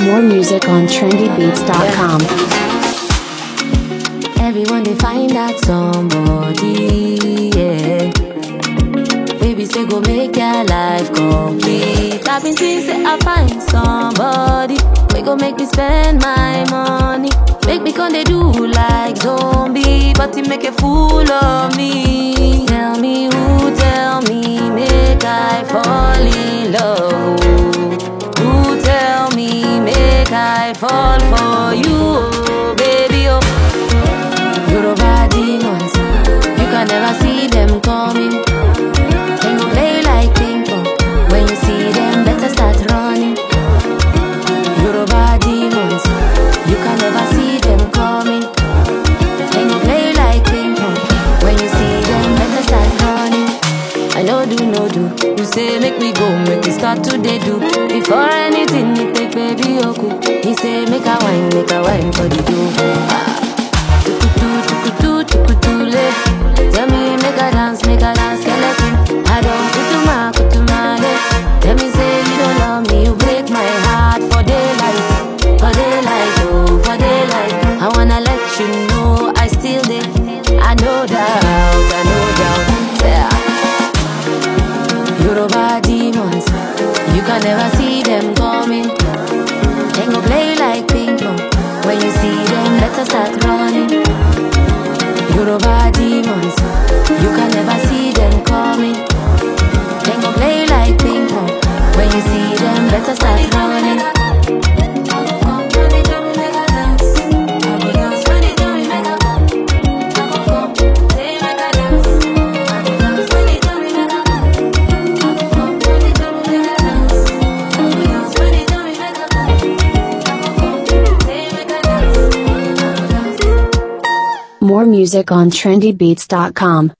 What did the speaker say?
More music on trendybeats.com. Everyone they find out somebody, yeah. Baby say go make your life complete. I've been seeing say I find somebody. We go make me spend my money. Make me come they do like zombie, but he make a fool of me. I fall for you. say make we go, make we start today do. Before anything, you take baby Oku. He say make a wine, make a wine for the do. demons. You can never see them coming. go play like When you see them, let us start running. You're over demons. more music on trendybeats.com.